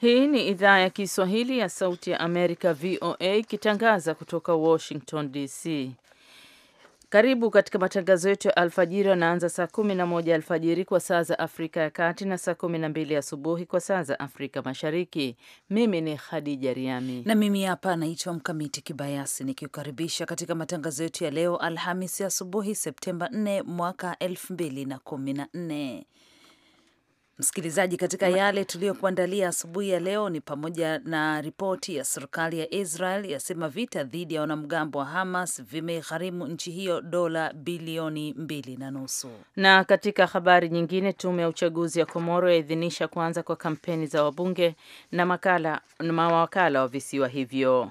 Hii ni idhaa ya Kiswahili ya Sauti ya Amerika, VOA, ikitangaza kutoka Washington DC. Karibu katika matangazo yetu ya alfajiri yanaanza saa 11 alfajiri kwa saa za Afrika ya Kati na saa 12 asubuhi kwa saa za Afrika Mashariki. Mimi ni Khadija Riami na mimi hapa naitwa Mkamiti Kibayasi nikiukaribisha katika matangazo yetu ya leo Alhamisi asubuhi, Septemba 4 mwaka 2014. Msikilizaji, katika yale tuliyokuandalia asubuhi ya leo ni pamoja na ripoti ya serikali ya Israel yasema vita dhidi ya wanamgambo wa Hamas vimegharimu nchi hiyo dola bilioni mbili na nusu. Na katika habari nyingine, tume ya uchaguzi ya Komoro yaidhinisha kuanza kwa kampeni za wabunge na makala na mawakala wa visiwa hivyo.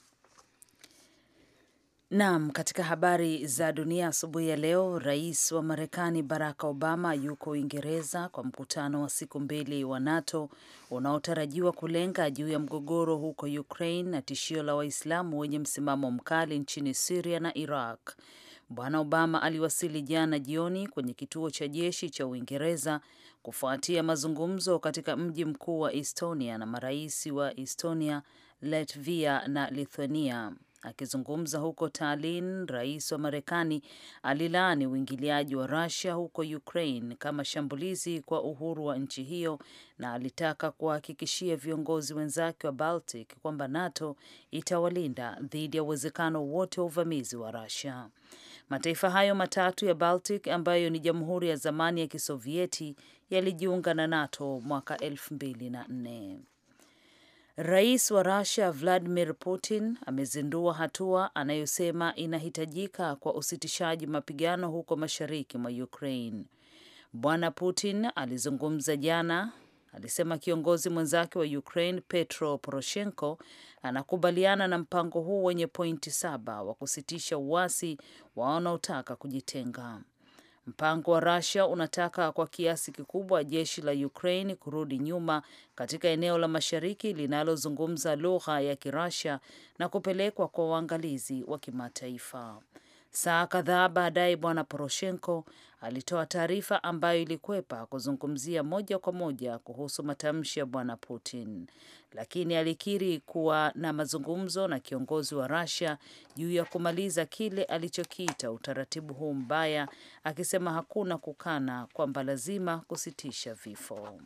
Naam, katika habari za dunia asubuhi ya leo, rais wa Marekani Barack Obama yuko Uingereza kwa mkutano wa siku mbili wa NATO unaotarajiwa kulenga juu ya mgogoro huko Ukraine na tishio la Waislamu wenye msimamo mkali nchini Siria na Iraq. Bwana Obama aliwasili jana jioni kwenye kituo cha jeshi cha Uingereza kufuatia mazungumzo katika mji mkuu wa Estonia na marais wa Estonia, Latvia na Lithuania. Akizungumza huko Tallinn, rais wa Marekani alilaani uingiliaji wa Russia huko Ukraine kama shambulizi kwa uhuru wa nchi hiyo na alitaka kuwahakikishia viongozi wenzake wa Baltic kwamba NATO itawalinda dhidi ya uwezekano wote wa uvamizi wa Russia. Mataifa hayo matatu ya Baltic ambayo ni jamhuri ya zamani ya Kisovieti yalijiunga na NATO mwaka 2004. Rais wa Rusia Vladimir Putin amezindua hatua anayosema inahitajika kwa usitishaji mapigano huko mashariki mwa Ukraine. Bwana Putin alizungumza jana, alisema kiongozi mwenzake wa Ukraine Petro Poroshenko anakubaliana na mpango huu wenye pointi saba wa kusitisha uasi wa wanaotaka kujitenga. Mpango wa Russia unataka kwa kiasi kikubwa jeshi la Ukraine kurudi nyuma katika eneo la mashariki linalozungumza lugha ya Kirusia na kupelekwa kwa uangalizi wa kimataifa. Saa kadhaa baadaye, Bwana Poroshenko alitoa taarifa ambayo ilikwepa kuzungumzia moja kwa moja kuhusu matamshi ya Bwana Putin, lakini alikiri kuwa na mazungumzo na kiongozi wa Russia juu ya kumaliza kile alichokiita utaratibu huu mbaya, akisema hakuna kukana kwamba lazima kusitisha vifo.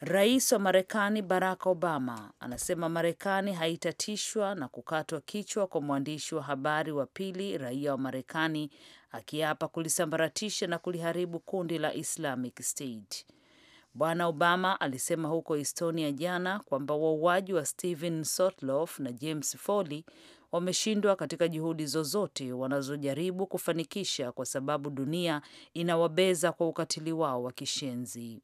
Rais wa Marekani Barack Obama anasema Marekani haitatishwa na kukatwa kichwa kwa mwandishi wa habari wa pili raia wa Marekani, akiapa kulisambaratisha na kuliharibu kundi la Islamic State. Bwana Obama alisema huko Estonia jana kwamba wauaji wa Stephen Sotloff na James Foley wameshindwa katika juhudi zozote wanazojaribu kufanikisha, kwa sababu dunia inawabeza kwa ukatili wao wa kishenzi.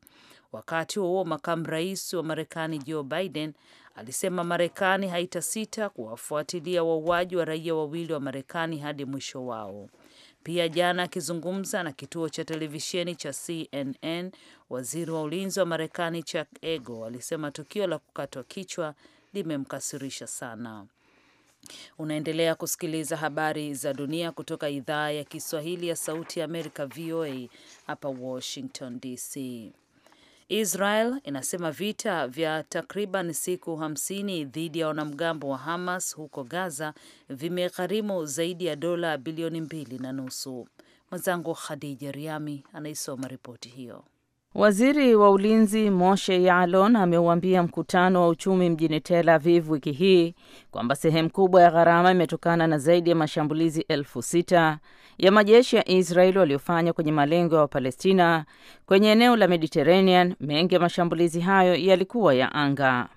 Wakati huo makamu rais wa Marekani Joe Biden alisema Marekani haitasita kuwafuatilia wauaji wa raia wawili wa Marekani hadi mwisho wao. Pia jana, akizungumza na kituo cha televisheni cha CNN, waziri wa ulinzi wa Marekani Chuck Ego alisema tukio la kukatwa kichwa limemkasirisha sana. Unaendelea kusikiliza habari za dunia kutoka idhaa ya Kiswahili ya Sauti ya Amerika, VOA hapa Washington DC. Israel inasema vita vya takriban siku hamsini dhidi ya wanamgambo wa Hamas huko Gaza vimegharimu zaidi ya dola bilioni mbili na nusu. Mwenzangu Khadija Riami anaisoma ripoti hiyo. Waziri wa ulinzi Moshe yalon ameuambia mkutano wa uchumi mjini Tel Aviv wiki hii kwamba sehemu kubwa ya gharama imetokana na zaidi ya mashambulizi elfu sita ya majeshi ya israel waliofanya kwenye malengo ya Wapalestina kwenye eneo la Mediterranean. Mengi ya mashambulizi hayo yalikuwa ya anga,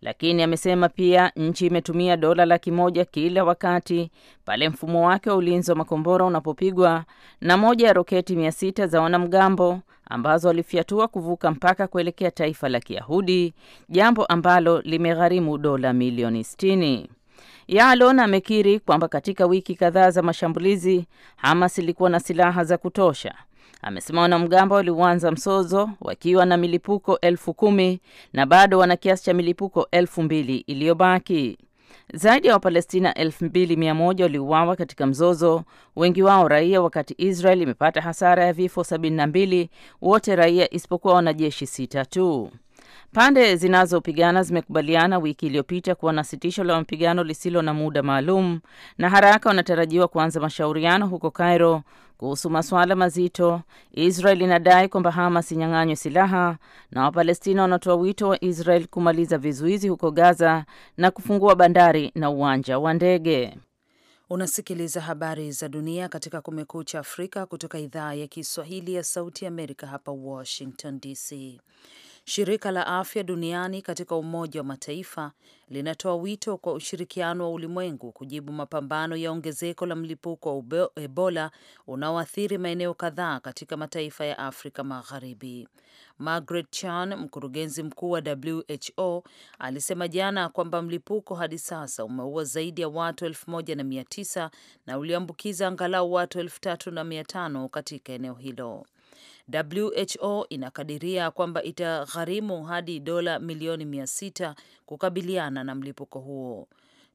lakini amesema pia nchi imetumia dola laki moja kila wakati pale mfumo wake wa ulinzi wa makombora unapopigwa na moja ya roketi mia sita za wanamgambo ambazo walifyatua kuvuka mpaka kuelekea taifa la Kiyahudi, jambo ambalo limegharimu dola milioni 60. Yalon amekiri kwamba katika wiki kadhaa za mashambulizi Hamas ilikuwa na silaha za kutosha. Amesema wanamgambo waliuanza msozo wakiwa na milipuko elfu kumi na bado wana kiasi cha milipuko elfu mbili iliyobaki. Zaidi ya Wapalestina 2100 waliuawa katika mzozo, wengi wao raia, wakati Israel imepata hasara ya vifo 72, wote raia isipokuwa wanajeshi sita tu. Pande zinazopigana zimekubaliana wiki iliyopita kuwa na sitisho la mapigano lisilo na muda maalum, na haraka wanatarajiwa kuanza mashauriano huko Cairo kuhusu masuala mazito, Israel inadai kwamba Hamas inyang'anywe silaha na Wapalestina wanatoa wito wa Israel kumaliza vizuizi huko Gaza na kufungua bandari na uwanja wa ndege. Unasikiliza habari za dunia katika Kumekucha Afrika kutoka idhaa ya Kiswahili ya Sauti Amerika hapa Washington DC. Shirika la Afya Duniani katika Umoja wa Mataifa linatoa wito kwa ushirikiano wa ulimwengu kujibu mapambano ya ongezeko la mlipuko wa Ebola unaoathiri maeneo kadhaa katika mataifa ya Afrika Magharibi. Margaret Chan, mkurugenzi mkuu wa WHO, alisema jana kwamba mlipuko hadi sasa umeua zaidi ya watu 1900 na uliambukiza angalau watu 3500 katika eneo hilo. WHO inakadiria kwamba itagharimu hadi dola milioni mia sita kukabiliana na mlipuko huo.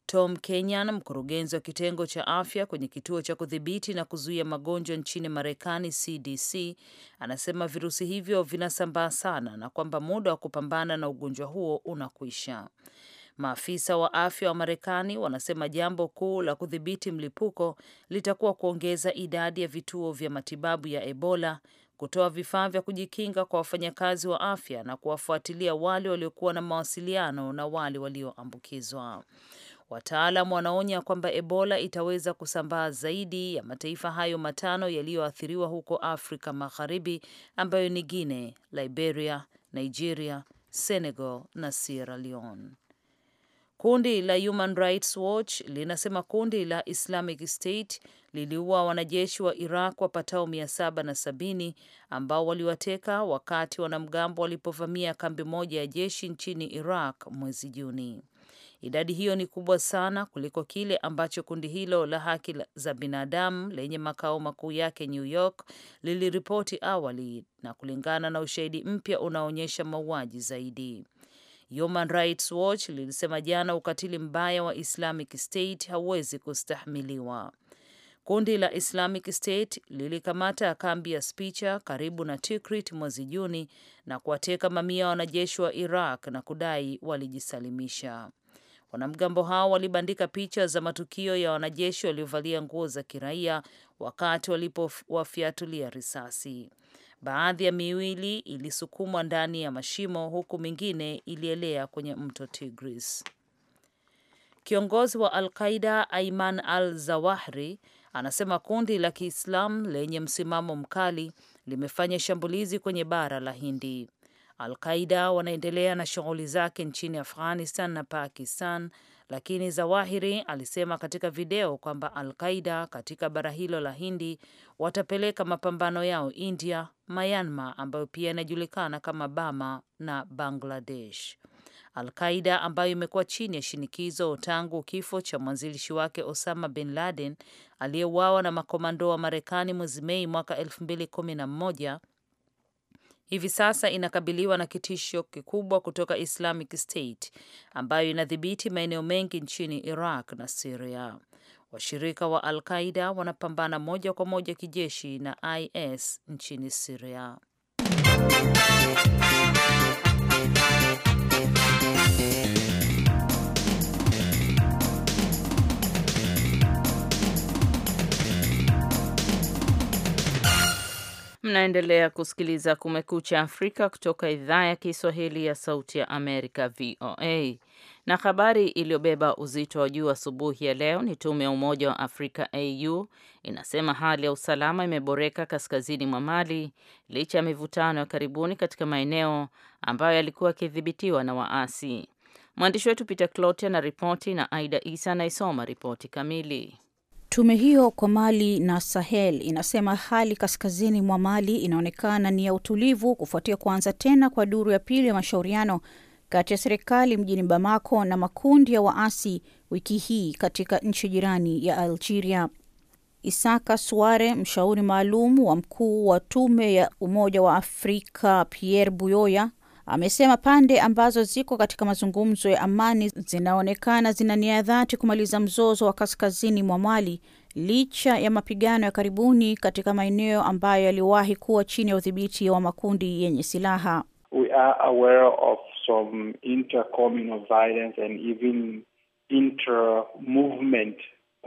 Tom Kenyan, mkurugenzi wa kitengo cha afya kwenye kituo cha kudhibiti na kuzuia magonjwa nchini Marekani, CDC, anasema virusi hivyo vinasambaa sana na kwamba muda wa kupambana na ugonjwa huo unakwisha. Maafisa wa afya wa Marekani wanasema jambo kuu la kudhibiti mlipuko litakuwa kuongeza idadi ya vituo vya matibabu ya Ebola kutoa vifaa vya kujikinga kwa wafanyakazi wa afya na kuwafuatilia wale waliokuwa na mawasiliano na wale walioambukizwa. Wataalam wanaonya kwamba Ebola itaweza kusambaa zaidi ya mataifa hayo matano yaliyoathiriwa huko Afrika Magharibi ambayo ni Guinea, Liberia, Nigeria, Senegal na Sierra Leone. Kundi la Human Rights Watch linasema kundi la Islamic State liliua wanajeshi wa Iraq wapatao mia saba na sabini ambao waliwateka wakati wanamgambo walipovamia kambi moja ya jeshi nchini Iraq mwezi Juni. Idadi hiyo ni kubwa sana kuliko kile ambacho kundi hilo la haki za binadamu lenye makao makuu yake New York liliripoti awali, na kulingana na ushahidi mpya unaoonyesha mauaji zaidi. Human Rights Watch lilisema jana, ukatili mbaya wa Islamic State hauwezi kustahimiliwa. Kundi la Islamic State lilikamata kambi ya Spicha karibu na Tikrit mwezi Juni na kuwateka mamia ya wanajeshi wa Iraq na kudai walijisalimisha. Wanamgambo hao walibandika picha za matukio ya wanajeshi waliovalia nguo za kiraia wakati walipowafyatulia risasi. Baadhi ya miwili ilisukumwa ndani ya mashimo huku mingine ilielea kwenye mto Tigris. Kiongozi wa Al-Qaida Aiman al-Zawahri anasema kundi la Kiislamu lenye msimamo mkali limefanya shambulizi kwenye bara la Hindi. Al-Qaida wanaendelea na shughuli zake nchini Afghanistan na Pakistan, lakini Zawahiri alisema katika video kwamba Al-Qaida katika bara hilo la Hindi watapeleka mapambano yao India, Myanmar ambayo pia inajulikana kama bama na Bangladesh. Al-Qaida ambayo imekuwa chini ya shinikizo tangu kifo cha mwanzilishi wake Osama bin Laden aliyeuawa na makomando wa Marekani mwezi Mei mwaka 2011 hivi sasa inakabiliwa na kitisho kikubwa kutoka Islamic State ambayo inadhibiti maeneo mengi nchini Iraq na Siria. Washirika wa Al Qaida wanapambana moja kwa moja kijeshi na IS nchini Siria. Mnaendelea kusikiliza Kumekucha Afrika kutoka idhaa ya Kiswahili ya Sauti ya Amerika, VOA. Na habari iliyobeba uzito wa juu asubuhi ya leo ni tume ya Umoja wa Afrika AU inasema hali ya usalama imeboreka kaskazini mwa Mali licha ya mivutano ya karibuni katika maeneo ambayo yalikuwa yakidhibitiwa na waasi. Mwandishi wetu Peter Clote ana ripoti na Aida Isa anaisoma ripoti kamili. Tume hiyo kwa Mali na Sahel inasema hali kaskazini mwa Mali inaonekana ni ya utulivu kufuatia kuanza tena kwa duru ya pili ya mashauriano kati ya serikali mjini Bamako na makundi ya waasi wiki hii katika nchi jirani ya Algeria. Isaka Suare, mshauri maalum wa mkuu wa tume ya Umoja wa Afrika Pierre Buyoya, Amesema pande ambazo ziko katika mazungumzo ya amani zinaonekana zina nia ya dhati kumaliza mzozo wa kaskazini mwa Mali licha ya mapigano ya karibuni katika maeneo ambayo yaliwahi kuwa chini ya udhibiti wa makundi yenye silaha. We are aware of some intercommunal violence and even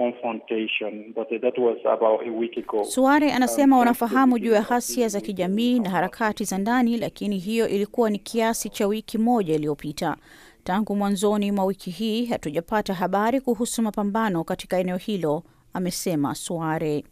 confrontation but that was about a week ago. Suare um, anasema wanafahamu juu ya ghasia za kijamii na harakati za ndani, lakini hiyo ilikuwa ni kiasi cha wiki moja iliyopita. Tangu mwanzoni mwa wiki hii hatujapata habari kuhusu mapambano katika eneo hilo, amesema Suare.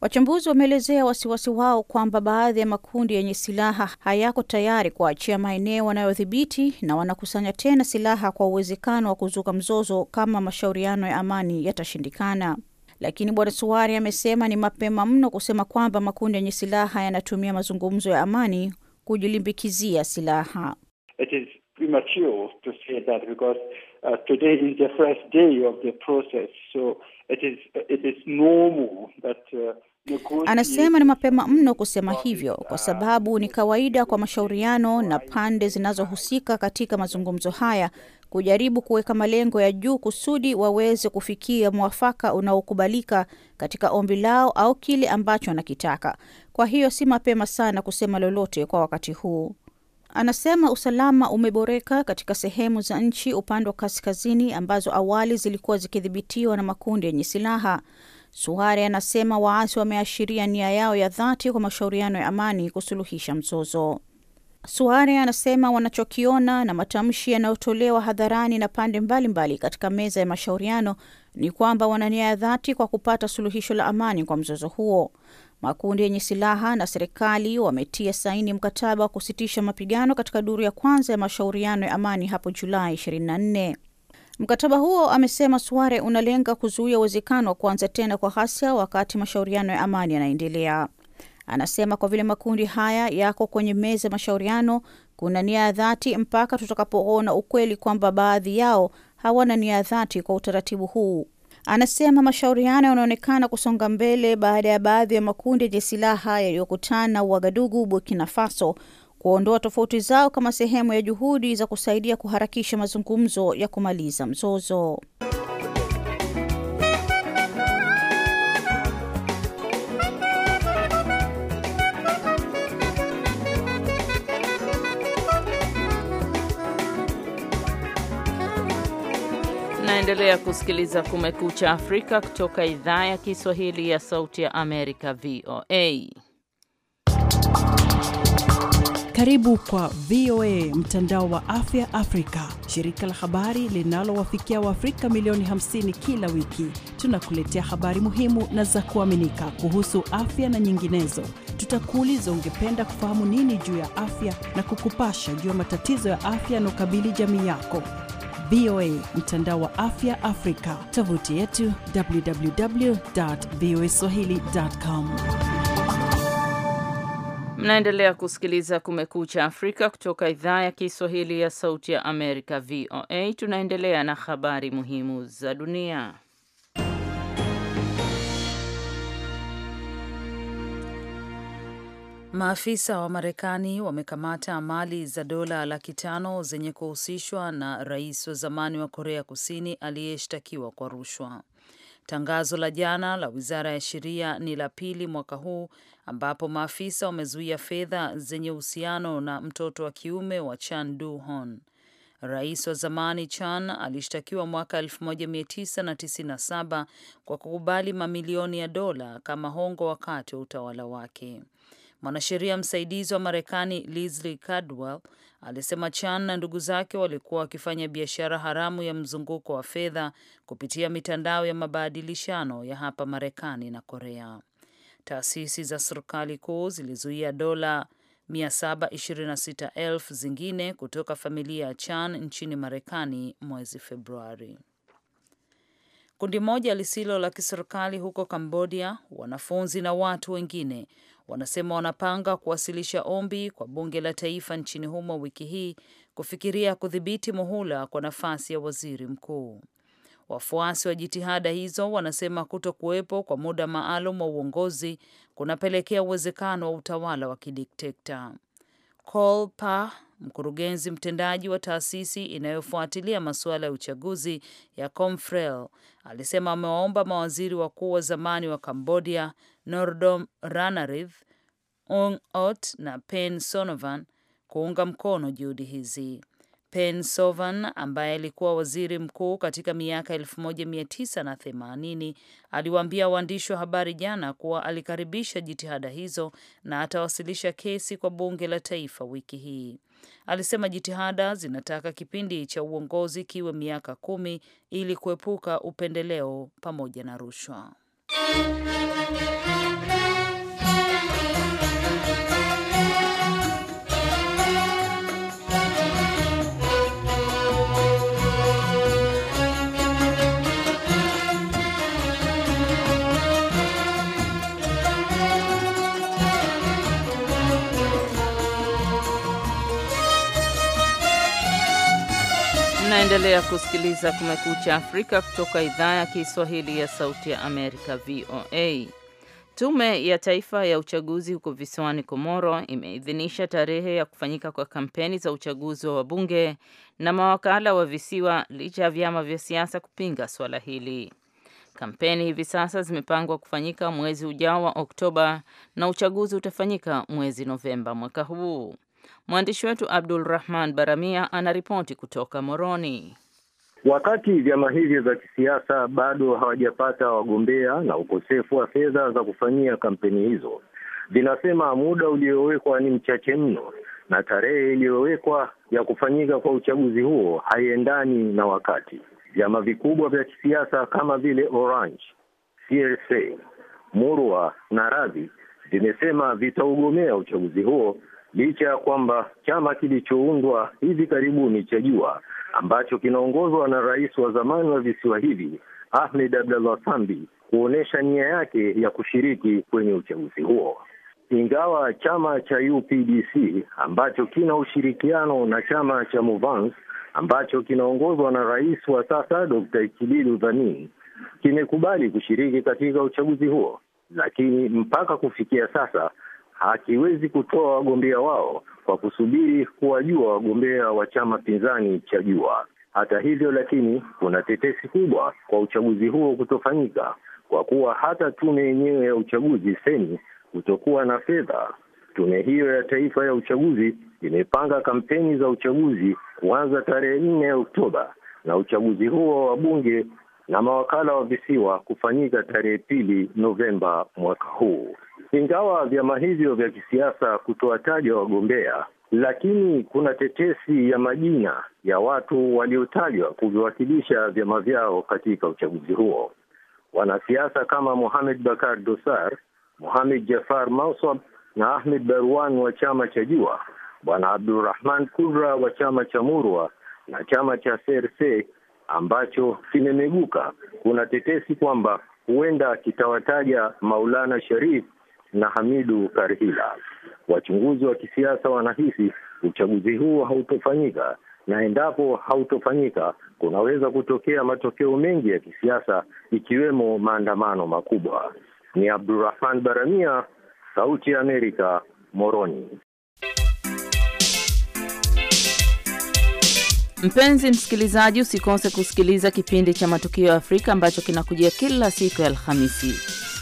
Wachambuzi wameelezea wasiwasi wao kwamba baadhi ya makundi yenye silaha hayako tayari kuachia maeneo wanayodhibiti na wanakusanya tena silaha kwa uwezekano wa kuzuka mzozo kama mashauriano ya amani yatashindikana. Lakini Bwana Suari amesema ni mapema mno kusema kwamba makundi yenye silaha yanatumia mazungumzo ya amani kujilimbikizia silaha. It is premature to say that because, uh, today is the first day of the process, so it is, it is normal that, uh, Anasema ni mapema mno kusema hivyo kwa uh, sababu ni kawaida kwa mashauriano na pande zinazohusika katika mazungumzo haya kujaribu kuweka malengo ya juu kusudi waweze kufikia mwafaka unaokubalika katika ombi lao au kile ambacho anakitaka. Kwa hiyo si mapema sana kusema lolote kwa wakati huu. Anasema usalama umeboreka katika sehemu za nchi upande wa kaskazini ambazo awali zilikuwa zikidhibitiwa na makundi yenye silaha. Suhare anasema waasi wameashiria nia yao ya dhati kwa mashauriano ya amani kusuluhisha mzozo. Suare anasema wanachokiona na matamshi yanayotolewa hadharani na pande mbalimbali mbali katika meza ya mashauriano ni kwamba wana nia ya dhati kwa kupata suluhisho la amani kwa mzozo huo. Makundi yenye silaha na serikali wametia saini mkataba wa kusitisha mapigano katika duru ya kwanza ya mashauriano ya amani hapo Julai 24. Mkataba huo, amesema Suare, unalenga kuzuia uwezekano wa kuanza tena kwa ghasia wakati mashauriano ya amani yanaendelea. Anasema kwa vile makundi haya yako kwenye meza ya mashauriano, kuna nia ya dhati mpaka tutakapoona ukweli kwamba baadhi yao hawana nia ya dhati kwa utaratibu huu Anasema mashauriano yanaonekana kusonga mbele baada ya baadhi ya makundi yenye silaha yaliyokutana Uagadugu, Burkina Faso, kuondoa tofauti zao kama sehemu ya juhudi za kusaidia kuharakisha mazungumzo ya kumaliza mzozo. Unaendelea kusikiliza Kumekucha Afrika kutoka idhaa ya Kiswahili ya Sauti ya Amerika, VOA. Karibu kwa VOA mtandao wa afya Afrika, shirika la habari linalowafikia Waafrika milioni 50 kila wiki. Tunakuletea habari muhimu na za kuaminika kuhusu afya na nyinginezo. Tutakuuliza, ungependa kufahamu nini juu ya afya, na kukupasha juu ya matatizo ya afya yanaokabili jamii yako. VOA, mtandao wa afya Afrika, tovuti yetu www.voaswahili.com. Mnaendelea kusikiliza Kumekucha Afrika kutoka idhaa ya Kiswahili ya Sauti ya Amerika, VOA. Tunaendelea na habari muhimu za dunia. Maafisa wa Marekani wamekamata mali za dola laki tano zenye kuhusishwa na rais wa zamani wa Korea Kusini aliyeshtakiwa kwa rushwa. Tangazo la jana la wizara ya sheria ni la pili mwaka huu ambapo maafisa wamezuia fedha zenye uhusiano na mtoto wa kiume wa Chan du Hon. Rais wa zamani Chan alishtakiwa mwaka 1997 kwa kukubali mamilioni ya dola kama hongo wakati wa utawala wake. Mwanasheria msaidizi wa Marekani Leslie Cadwell alisema Chan na ndugu zake walikuwa wakifanya biashara haramu ya mzunguko wa fedha kupitia mitandao ya mabadilishano ya hapa Marekani na Korea. Taasisi za serikali kuu zilizuia dola 726,000 zingine kutoka familia ya Chan nchini Marekani mwezi Februari. Kundi moja lisilo la kiserikali huko Kambodia, wanafunzi na watu wengine wanasema wanapanga kuwasilisha ombi kwa bunge la taifa nchini humo wiki hii kufikiria kudhibiti muhula kwa nafasi ya waziri mkuu. Wafuasi wa jitihada hizo wanasema kuto kuwepo kwa muda maalum wa uongozi kunapelekea uwezekano wa utawala wa kidiktekta Kolpa, mkurugenzi mtendaji wa taasisi inayofuatilia masuala ya uchaguzi ya Comfrel, alisema amewaomba mawaziri wakuu wa zamani wa Cambodia Nordom Ranariv, Ong Ot na Pen Sonovan kuunga mkono juhudi hizi. Sovan ambaye alikuwa waziri mkuu katika miaka 1980 aliwaambia waandishi wa habari jana kuwa alikaribisha jitihada hizo na atawasilisha kesi kwa bunge la taifa wiki hii. Alisema jitihada zinataka kipindi cha uongozi kiwe miaka kumi ili kuepuka upendeleo pamoja na rushwa. Unaendelea kusikiliza Kumekucha Afrika kutoka idhaa ya Kiswahili ya Sauti ya Amerika, VOA. Tume ya Taifa ya Uchaguzi huko visiwani Komoro imeidhinisha tarehe ya kufanyika kwa kampeni za uchaguzi wa wabunge na mawakala wa visiwa licha ya vyama vya siasa kupinga swala hili. Kampeni hivi sasa zimepangwa kufanyika mwezi ujao wa Oktoba na uchaguzi utafanyika mwezi Novemba mwaka huu. Mwandishi wetu Abdul Rahman Baramia anaripoti kutoka Moroni. Wakati vyama hivyo vya kisiasa bado hawajapata wagombea na ukosefu wa fedha za kufanyia kampeni hizo, vinasema muda uliowekwa ni mchache mno na tarehe iliyowekwa ya kufanyika kwa uchaguzi huo haiendani na wakati. Vyama vikubwa vya kisiasa kama vile Orange, CRC, Murwa na Radhi vimesema vitaugomea uchaguzi huo licha ya kwamba chama kilichoundwa hivi karibuni cha Jua ambacho kinaongozwa na rais wa zamani wa visiwa hivi Ahmed Abdallah Sambi kuonyesha nia yake ya kushiriki kwenye uchaguzi huo, ingawa chama cha UPDC ambacho kina ushirikiano na chama cha Movance ambacho kinaongozwa na rais wa sasa Dr. Ikililu Dhani kimekubali kushiriki katika uchaguzi huo, lakini mpaka kufikia sasa hakiwezi kutoa wagombea wao kwa kusubiri kuwajua wagombea wa chama pinzani cha Jua. Hata hivyo, lakini kuna tetesi kubwa kwa uchaguzi huo kutofanyika kwa kuwa hata tume yenyewe ya uchaguzi seni kutokuwa na fedha. Tume hiyo ya taifa ya uchaguzi imepanga kampeni za uchaguzi kuanza tarehe nne ya Oktoba na uchaguzi huo wa bunge na mawakala wa visiwa kufanyika tarehe pili Novemba mwaka huu. Ingawa vyama hivyo vya kisiasa kutowataja wagombea, lakini kuna tetesi ya majina ya watu waliotajwa kuviwakilisha vyama vyao katika uchaguzi huo. Wanasiasa kama Mohamed Bakar Dosar, Mohamed Jafar Mausab na Ahmed Barwan wa chama cha Jua, Bwana Abdurahman Kudra wa chama cha Murwa na chama cha CRC ambacho kimemeguka. Kuna tetesi kwamba huenda kitawataja Maulana Sharif na Hamidu Karhila. Wachunguzi wa kisiasa wanahisi uchaguzi huu hautofanyika na endapo hautofanyika, kunaweza kutokea matokeo mengi ya kisiasa ikiwemo maandamano makubwa. Ni Abdurrahman Baramia, Sauti ya Amerika, Moroni. Mpenzi msikilizaji, usikose kusikiliza kipindi cha Matukio ya Afrika ambacho kinakujia kila siku ya Alhamisi.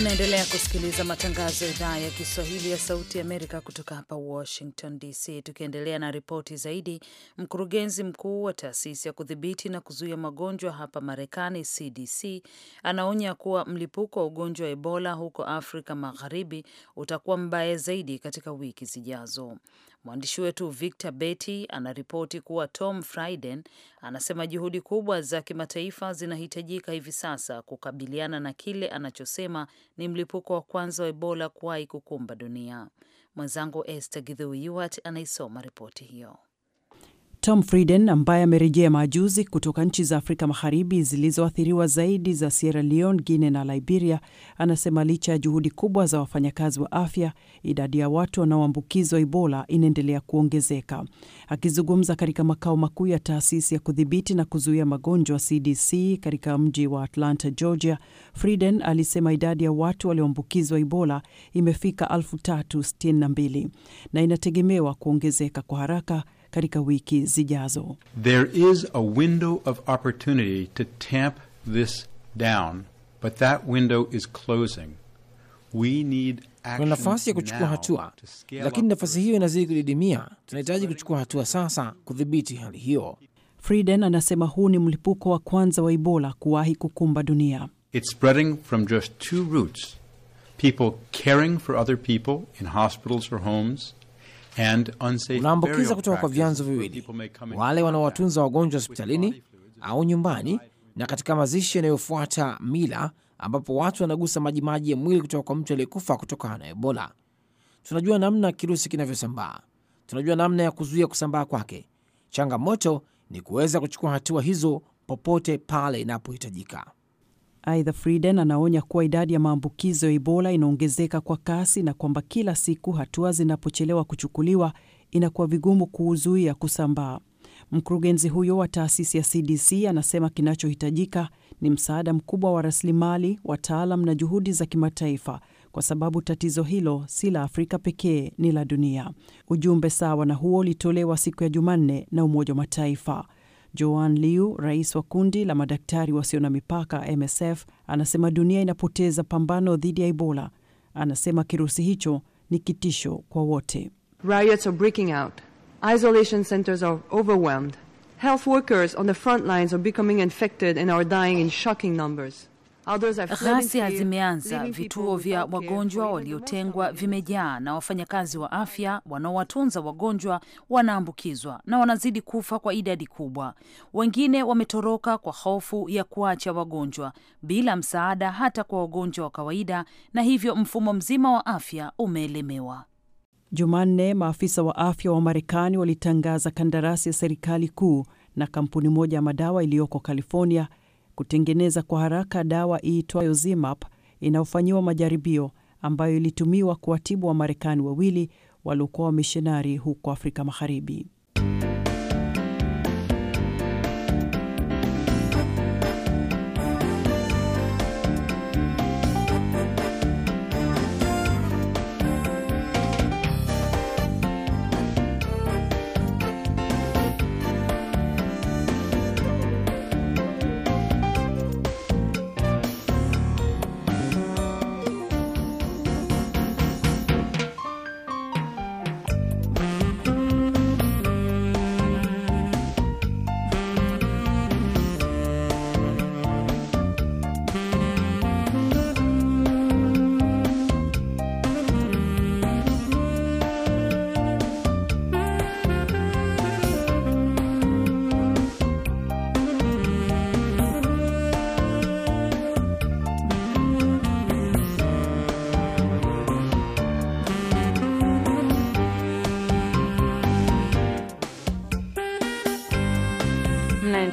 Unaendelea kusikiliza matangazo ya idhaa ya Kiswahili ya Sauti ya Amerika kutoka hapa Washington DC. Tukiendelea na ripoti zaidi, mkurugenzi mkuu wa taasisi ya kudhibiti na kuzuia magonjwa hapa Marekani, CDC, anaonya kuwa mlipuko wa ugonjwa wa Ebola huko Afrika Magharibi utakuwa mbaya zaidi katika wiki zijazo. Mwandishi wetu Victor Betty anaripoti kuwa Tom Frieden anasema juhudi kubwa za kimataifa zinahitajika hivi sasa kukabiliana na kile anachosema ni mlipuko wa kwanza wa Ebola kuwahi kukumba dunia. Mwenzangu Esther Githui anaisoma ripoti hiyo. Tom Frieden ambaye amerejea majuzi kutoka nchi za Afrika Magharibi zilizoathiriwa zaidi za Sierra Leone, Guinea na Liberia, anasema licha ya juhudi kubwa za wafanyakazi wa afya, idadi ya watu wanaoambukizwa Ebola inaendelea kuongezeka. Akizungumza katika makao makuu ya taasisi ya kudhibiti na kuzuia magonjwa CDC katika mji wa Atlanta, Georgia, Frieden alisema idadi ya watu walioambukizwa Ebola imefika 3,062 na inategemewa kuongezeka kwa haraka katika wiki zijazo. There is a window of opportunity to tamp this down, but that window is closing. We need kuna nafasi ya kuchukua hatua, lakini nafasi hiyo inazidi kudidimia. Tunahitaji kuchukua hatua sasa kudhibiti hali hiyo. Frieden anasema huu ni mlipuko wa kwanza wa Ebola kuwahi kukumba dunia. It's spreading from just two routes people caring for other people in hospitals or homes unaambukiza kutoka kwa vyanzo viwili, wale wanaowatunza wagonjwa hospitalini au nyumbani, na katika mazishi yanayofuata mila, ambapo watu wanagusa majimaji ya mwili kutoka kwa mtu aliyekufa kutokana na Ebola. Tunajua namna kirusi kinavyosambaa, tunajua namna ya kuzuia kusambaa kwake. Changamoto ni kuweza kuchukua hatua hizo popote pale inapohitajika. Aidha, Frieden anaonya kuwa idadi ya maambukizo ya Ebola inaongezeka kwa kasi na kwamba kila siku hatua zinapochelewa kuchukuliwa inakuwa vigumu kuuzuia kusambaa. Mkurugenzi huyo wa taasisi ya CDC anasema kinachohitajika ni msaada mkubwa wa rasilimali, wataalam na juhudi za kimataifa kwa sababu tatizo hilo si la Afrika pekee, ni la dunia. Ujumbe sawa na huo ulitolewa siku ya Jumanne na Umoja wa Mataifa. Joan Liu, rais wa kundi la madaktari wasio na mipaka MSF, anasema dunia inapoteza pambano dhidi ya Ebola. Anasema kirusi hicho ni kitisho kwa wote. Riots are breaking out. Isolation centers are overwhelmed. Health workers on the front lines are becoming infected and are dying in shocking numbers. Ghasia zimeanza, vituo vya wagonjwa waliotengwa vimejaa, na wafanyakazi wa afya wanaowatunza wagonjwa wanaambukizwa na wanazidi kufa kwa idadi kubwa. Wengine wametoroka kwa hofu ya kuacha wagonjwa bila msaada, hata kwa wagonjwa wa kawaida, na hivyo mfumo mzima wa afya umeelemewa. Jumanne, maafisa wa afya wa Marekani walitangaza kandarasi ya serikali kuu na kampuni moja ya madawa iliyoko California kutengeneza kwa haraka dawa iitwayo Zimap inayofanyiwa majaribio ambayo ilitumiwa kuwatibu marekani wawili waliokuwa wamishonari huko Afrika Magharibi.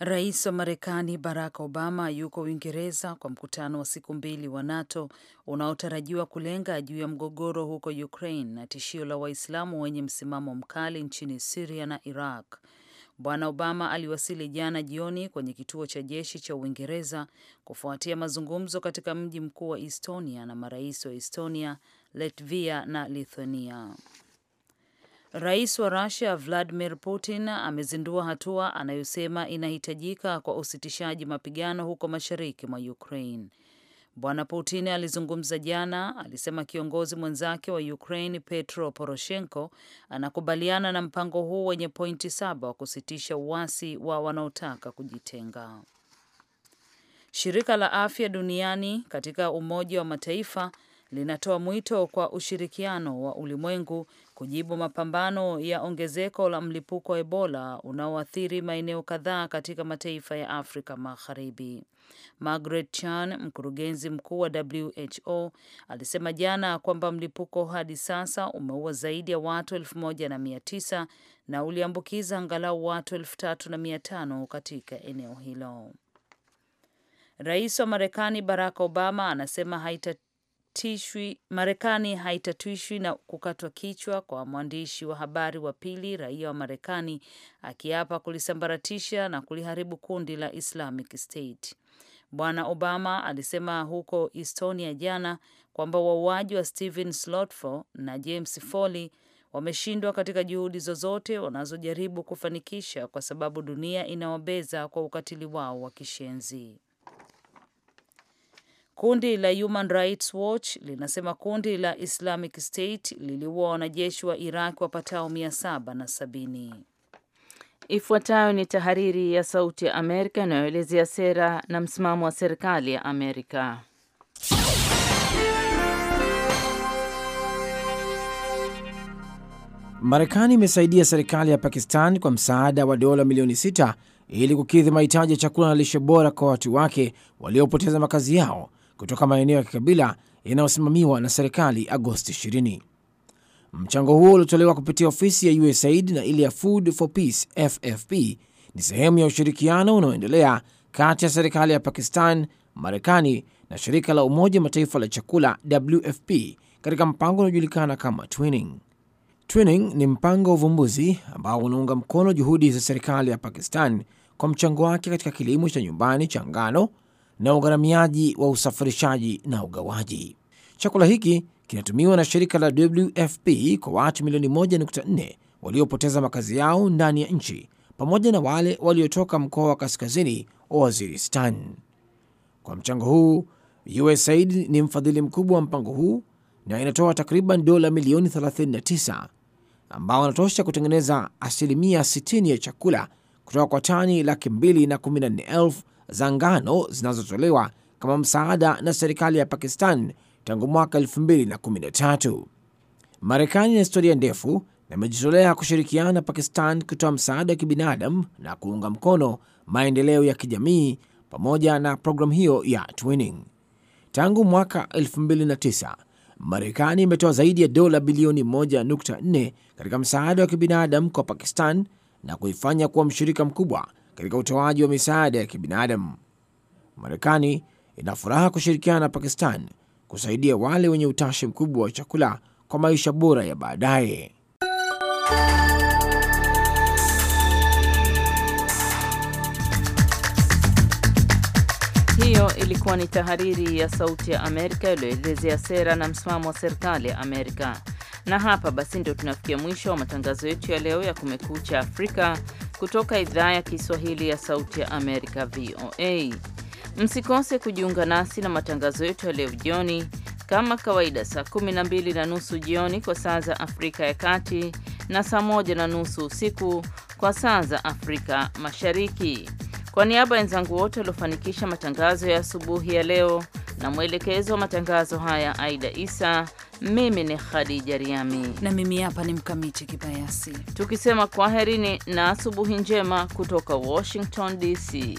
Rais wa Marekani Barack Obama yuko Uingereza kwa mkutano wa siku mbili wa NATO unaotarajiwa kulenga juu ya mgogoro huko Ukraine na tishio la Waislamu wenye msimamo mkali nchini Siria na Iraq. Bwana Obama aliwasili jana jioni kwenye kituo cha jeshi cha Uingereza kufuatia mazungumzo katika mji mkuu wa Estonia na marais wa Estonia, Latvia na Lithuania. Rais wa Rusia Vladimir Putin amezindua hatua anayosema inahitajika kwa usitishaji mapigano huko mashariki mwa Ukraine. Bwana Putin alizungumza jana, alisema kiongozi mwenzake wa Ukraine Petro Poroshenko anakubaliana na mpango huu wenye pointi saba wa kusitisha uasi wa wanaotaka kujitenga. Shirika la Afya Duniani katika Umoja wa Mataifa linatoa mwito kwa ushirikiano wa ulimwengu kujibu mapambano ya ongezeko la mlipuko wa Ebola unaoathiri maeneo kadhaa katika mataifa ya Afrika Magharibi. Margaret Chan, mkurugenzi mkuu wa WHO, alisema jana kwamba mlipuko hadi sasa umeua zaidi ya watu elfu na na uliambukiza angalau watu elfu katika eneo hilo. Rais wa Marekani Barack Obama anasema haita haitatishwi Marekani haitatishwi na kukatwa kichwa kwa mwandishi wa habari wa pili raia wa Marekani akiapa kulisambaratisha na kuliharibu kundi la Islamic State. Bwana Obama alisema huko Estonia jana kwamba wauaji wa Stephen Slotfo na James Foley wameshindwa katika juhudi zozote wanazojaribu kufanikisha kwa sababu dunia inawabeza kwa ukatili wao wa kishenzi. Kundi la Human Rights Watch linasema kundi la Islamic State liliua wanajeshi wa Iraq wapatao mia saba na sabini. Ifuatayo ni tahariri ya Sauti ya Amerika inayoelezea sera na msimamo wa serikali ya Amerika. Marekani imesaidia serikali ya Pakistan kwa msaada wa dola milioni sita ili kukidhi mahitaji ya chakula na lishe bora kwa watu wake waliopoteza makazi yao kutoka maeneo ya kikabila yanayosimamiwa na serikali Agosti 20. Mchango huo uliotolewa kupitia ofisi ya USAID na ile ya Food for Peace FFP ni sehemu ya ushirikiano unaoendelea kati ya serikali ya Pakistan, Marekani na shirika la Umoja Mataifa la chakula WFP katika mpango unaojulikana kama Twinning. Twinning ni mpango wa uvumbuzi ambao unaunga mkono juhudi za serikali ya Pakistan kwa mchango wake katika kilimo cha nyumbani cha ngano na ugharamiaji wa usafirishaji na ugawaji. Chakula hiki kinatumiwa na shirika la WFP kwa watu milioni 1.4 waliopoteza makazi yao ndani ya nchi pamoja na wale waliotoka mkoa wa kaskazini wa Waziristan. Kwa mchango huu, USAID ni mfadhili mkubwa wa mpango huu na inatoa takriban dola milioni 39 ambao wanatosha kutengeneza asilimia 60 ya chakula kutoka kwa tani laki mbili na 14 elfu za ngano zinazotolewa kama msaada na serikali ya Pakistan tangu mwaka 2013. Marekani ina historia ndefu na imejitolea kushirikiana na Pakistan kutoa msaada wa kibinadamu na kuunga mkono maendeleo ya kijamii pamoja na programu hiyo ya Twinning. Tangu mwaka 2009 Marekani imetoa zaidi ya dola bilioni 1.4 katika msaada wa kibinadamu kwa Pakistan na kuifanya kuwa mshirika mkubwa katika utoaji wa misaada ya kibinadamu. Marekani ina furaha kushirikiana na Pakistan kusaidia wale wenye utashi mkubwa wa chakula kwa maisha bora ya baadaye. Hiyo ilikuwa ni tahariri ya Sauti ya Amerika iliyoelezea sera na msimamo wa serikali ya Amerika. Na hapa basi ndio tunafikia mwisho wa matangazo yetu ya leo ya Kumekucha Afrika kutoka idhaa ya Kiswahili ya Sauti ya Amerika, VOA. Msikose kujiunga nasi na matangazo yetu ya leo jioni, kama kawaida, saa 12 na nusu jioni kwa saa za Afrika ya Kati na saa 1 na nusu usiku kwa saa za Afrika Mashariki. Kwa niaba ya wenzangu wote waliofanikisha matangazo ya asubuhi ya leo na mwelekezo wa matangazo haya, Aida Isa mimi ni Khadija Riami na mimi hapa ni Mkamiti Kibayasi, tukisema kwaherini na asubuhi njema kutoka Washington DC.